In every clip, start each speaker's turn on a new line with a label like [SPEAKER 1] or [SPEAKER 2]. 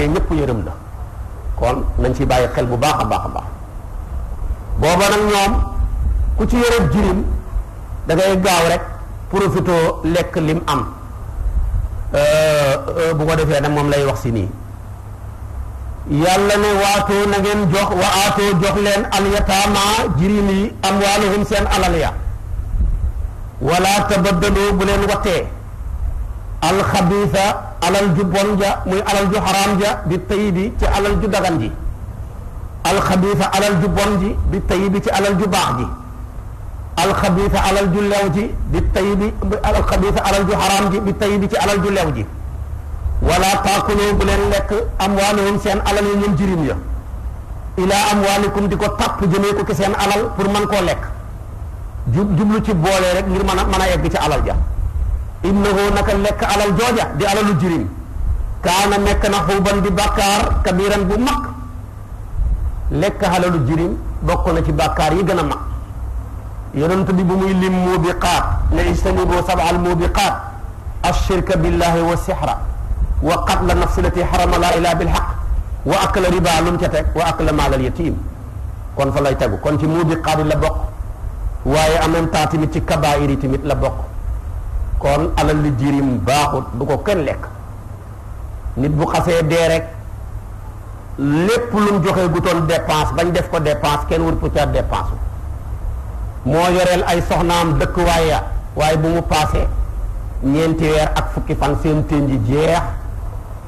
[SPEAKER 1] te ñëpp yërëm la kon nañ ci bàyyi xel bu baax a baax a baax booba nag ñoom ku ci yërëb jirim da ngay gaaw rek profité lekk lim am euh, euh, bu ko defee nag moom lay wax si nii yàlla ne waatoo na ngeen jox wa jox leen alyataama jirim yi amwaaluhum seen alal ya wala tabaddalu bu leen wattee alxabiisa alal ju bon ja muy alal ju xaraam ja bi tay ci alal ju dagan ji alxabiisa alal ju bon ji bi tay bi ci alal ju baax ji alxabiisa alal ju lew ji bi tay bi alxabiisa alal ju xaraam ji bi tay bi ci alal ju lew ji wala taakuloo bu leen lekk amwaalahum seen alal yi ñoom jirim ya ilaa amwaalikum di ko tàpp jëmee ko ci seen alal pour mën koo lekk jub jublu ci boole rek ngir mën a mën a egg ci alal ja innahu naka lekk alal jooja di alalu jirim kaana nekk na xuuban di bàkkaar kabiran bu mag lekk alalu jirim bokk na ci bàkkaar yi gën a mag yonent bi bu muy lim muubiqaat ne ijtanibu sab'al muubiqaat ashirka billahi wa sixra wa qatla nafsi lati xarama laa ilaa bilxaq wa akla riba lu mu ca teg wa akla maalal yatim kon fa lay tegu kon ci muubiqaat yi la bokk waaye en même temps tamit ci kabaayir tamit la bokk kon alal li jirim baaxut bu ko kenn lekk nit bu xasee dee rek lépp lum joxe gutoon dépense bañ def ko dépense kenn wut puccat dépense moo yoreel ay soxnaam dëkk waaye waaye bu mu paase ñeenti weer ak fukki fan seen teen ji jeex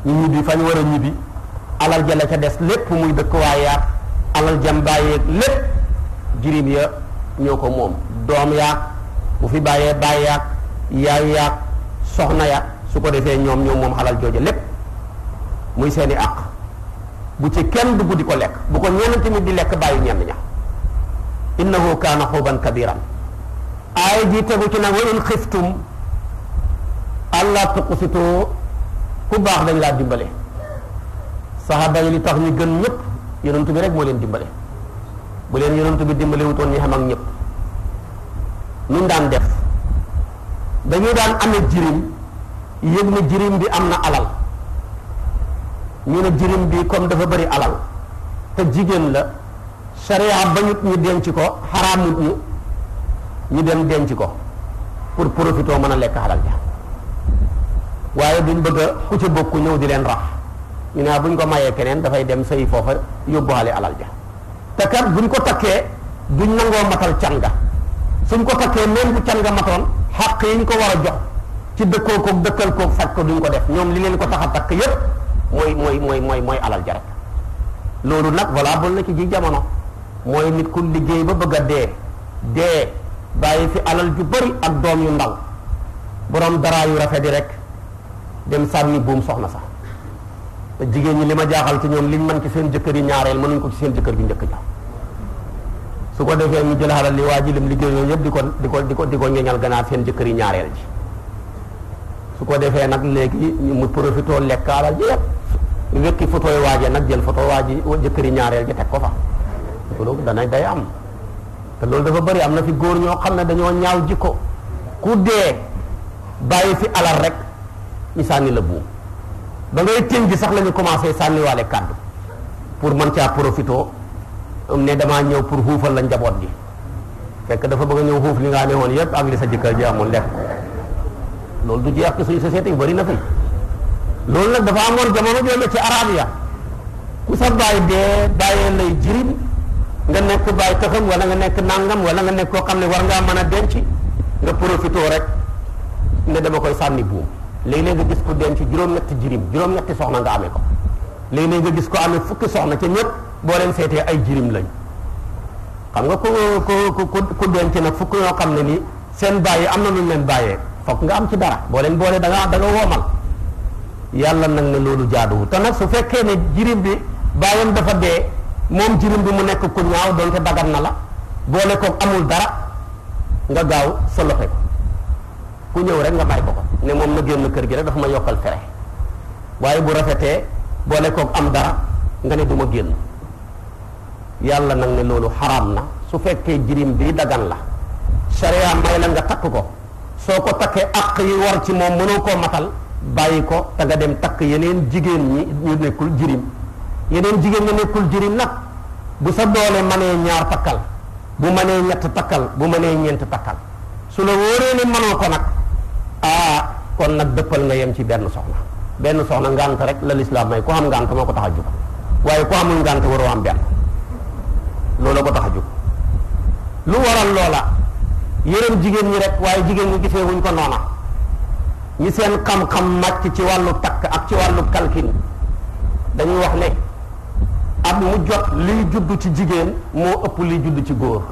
[SPEAKER 1] ñu ñibbi fañ war a ñibbi alal ja la ca des lépp muy dëkk waaye alal jam bàyyeeg lépp jirim ya ñoo ko moom doom yaag bu fi bàyyee bàyyeeg yaay yaag soxna ya su ko defee ñoom ñoom moom alal jooja lépp muy seeni àq bu ci kenn dugg di ko lekk bu ko ñenn tamit di lekk bàyyi ñenn ña innahu kaana xuban kabiran aay ji tegu ci nag wa xiftum allah tuqsitoo ku baax dañ laa dimbale saxaaba yi li tax ñu gën ñëpp yonent bi rek moo leen dimbale bu leen yonent bi dimbale wutoon ñu xam ak ñëpp nun daan def dañuy daan amee jirim yëg na jirim bi am na alal ñu ne jirim bi comme dafa bari alal te jigéen la sharia bañut ñu denc ko xaraamut ñu ñu dem denc ko pour profitoo mën a lekk alal ja waaye duñ bëgg ku ci bokk ñëw di leen raf ñu ne ah, buñ ko mayee keneen dafay dem sëy foofa yóbbuwaale alal ja te kat buñ ko takkee duñ nangoo matal canga suñ ko takkee même bu canga matoon xàq yi ñu ko war a jox ci dëkkoo ko dëkkal ko faj ko duñ ko def ñoom li leen ko tax a takk yëpp mooy mooy mooy mooy mooy alal jarat loolu nag valable na ci ji jamono mooy nit ku liggéey ba bëgg a dee dee bàyyi fi alal ju bari ak doom yu ndaw borom daraa yu rafet yi rek dem sànni buum soxna sax te jigéen ñi li ma jaaxal ci ñoom li man ci seen jëkkër yi ñaareel mënuñ ko ci seen jëkkër ju njëkk ja su ko defee ñu jël xalal li waa ji lem liggéey yooyu yëpp di ko di ko di ko di ko ñeñal gannaaw seen jëkkër yi ñaareel ji su ko defee nag léegi ñu mu profitoo lekk alal ji yëpp wekki photoy waajee nag jël photo waaji jëkkër jëkkëri ñaareel ji teg ko fa loolu day am te loolu dafa bari am na fi góor ñoo xam ne dañoo ñaaw jikko ku dee bàyyi fi alal rek ñu sànni la buum ba ngay tëñ ji sax lañu ñu commencé sànniwaale kàddu pour mën caa profitoo am ne damaa ñëw pour xuufal la njaboot bi fekk dafa bëgg ñëw xuuf li nga amee woon yëpp ak sa jëkkër ji amoon lekk loolu du jeex ci suñu société yu bëri na loolu nag dafa amoon jamono jooju ci arabia ku sa bàyyi dee bàyyee lay jirim nga nekk bàyyi taxam wala nga nekk nangam wala nga nekk koo xam ne war ngaa mën a denc nga profité rek ne dama koy sànni léeg-léeg nga gis ko denc juróom-ñetti jirim juróom-ñetti soxna nga amee ko léegi léeg nga gis ko amee fukki soxna ca ñëpp. boo leen seetee ay jirim lañ xam nga ku ku ku ku denc nag fukk yoo xam ne nii seen bàyyi am na lu leen bàyyee foog nga am ci dara boo leen boolee da nga da nga woomal yàlla nag ne loolu jaaduwul te nag su fekkee ne jirim bi bàyyam dafa dee moom jirim bi mu nekk ku ñaaw donte dagat na la boole ko amul dara nga gaaw soloxe ko ku ñëw rek nga may ko ko ne moom na génn kër gi rek dafa ma yokkal fere waaye bu rafetee boole koog am dara nga ne du ma génn yàlla nag ne loolu xaraam na su fekkee jirim bi dagan la sharia may la nga takk ko soo ko takkee àq yi war ci moom mënoo koo matal bàyyi ko te nga dem takk yeneen jigéen ñi ñu nekkul jirim yeneen jigéen ñi nekkul jirim nag bu sa doole mënee ñaar takkal bu mënee ñett takkal bu mënee ñeent takkal su la wóoree ne mënoo ko nag ah kon nag dëppal nga yem ci benn soxna benn soxna ngànt rek la lislaam may ku am ngànt moo ko tax a jóg waaye ku amul ngànt waroo am benn looloo ko tax a jóg lu waral loola yërëm jigéen ñi rek waaye jigéen ñi gisee wuñ ko noona ñi seen xam-xam màcc ci wàllu takk ak ci wàllu kalkin dañuy wax ne at mu jot liy judd ci jigéen moo ëpp liy judd ci góor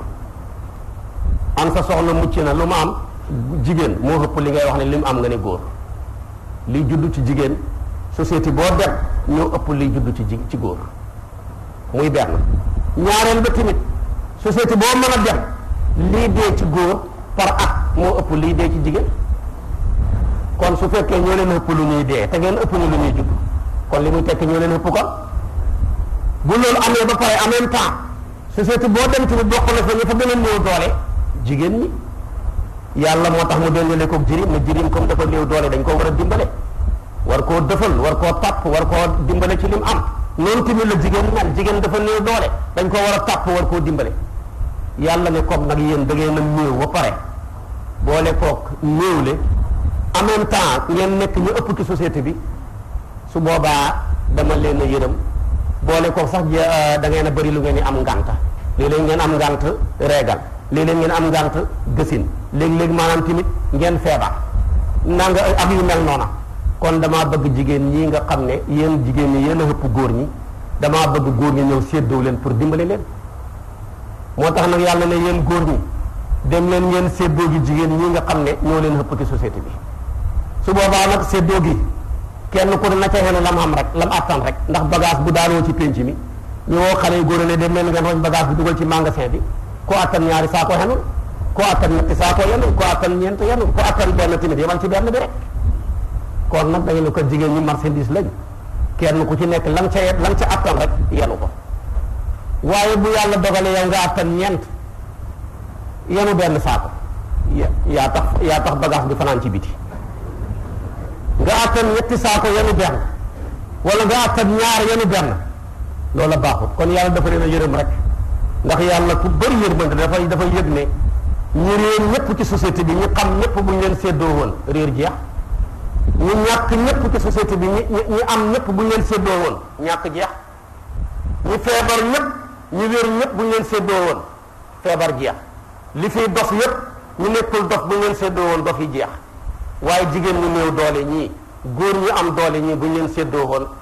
[SPEAKER 1] am sa soxna mucc lu ma am jigéen moo ëpp li ngay wax ne li am nga góor liy judd ci jigéen société boo dem ñoo ëpp liy judd ci ci góor muy benn ñaareel ba tamit société boo mën a dem lii dee ci góor par at moo ëpp lii dee ci jigéen kon su fekkee ñoo leen ëpp lu ñuy dee te ngeen ëpp ñu lu ñuy jug kon li muy tekki ñoo leen ëpp kon bu loolu amee ba pare en même temps société boo dem tamit bokk na fa ñu fa gën a néew doole jigéen ñi yàlla moo tax mu dëngale koog jirim ne jirim comme dafa néew doole dañ ko war a dimbale war koo dëfal war koo tàpp war koo dimbale ci lim am noonu tamit la jigéen mel jigéen dafa néew doole dañ ko war a tàpp war koo dimbale yàlla ne comme nag yéen da ngeen a néew ba pare boole kook néew le en même temps ngeen nekk ñu ëpp ci société bi su boobaa dama leen a yërëm boole koog sax euh, da ngeen a bëri lu ngeen ni am ngànta léeg ngeen am ngànt reegal léeg-léeg ngeen am ngànt gësin léeg-léeg maanaam tamit ngeen feebar naa nga ak yu mel noona kon damaa bëgg jigéen ñi nga xam ne yéen jigéen ñi yéen a góor ñi damaa bëgg góor ñi ñëw séddoo leen pour dimbale leen moo tax nag yàlla ne yéen góor ñi dem leen ngeen séddoo gi jigéen ñi nga xam ne ñoo leen ëpp ci société bi su boobaa nag séddoo gi kenn ku ne na ca xene lam am rek lam attan rek ndax bagage bu daanoo ci pénc mi ñu woo xale yu góor ne dem leen ngeen roñ bagage bi dugal ci magasin bi ko attan ñaari saako xenul ko attan ñetti saako yenul attan ñeent yenul ko attan benn tamit yemal ci benn bi kon nag dañu ne ko jigéen ñi marchandise lañ kenn ku ci nekk lan ca lan ca attan rek yenu ko waaye bu yàlla dogalee yow nga attan ñeent yenu benn saako yaa tax yaa tax bagage bi fanaan ci biti nga attan ñetti saako yenu benn wala nga attan ñaar yenu benn loola baaxut kon yàlla dafa leen a yërëm rek ndax yàlla ku bëri yërmande dafay dafay yëg ne ñu réer ñëpp ci société bi ñu xam ñëpp bu ñu leen seddoo woon réer jeex ñu ñàkk ñëpp ci société bi ñi ñi am ñëpp bu ñu leen séddoo woon ñàkk jeex ñu feebar ñëpp ñu wér ñëpp bu ñu leen séddoo woon feebar jeex li fiy dof yëpp ñu nekkul dof bu ñu leen woon dof yi jeex waaye jigéen ñu néew doole ñii góor ñu am doole ñii bu ñu leen séddoo woon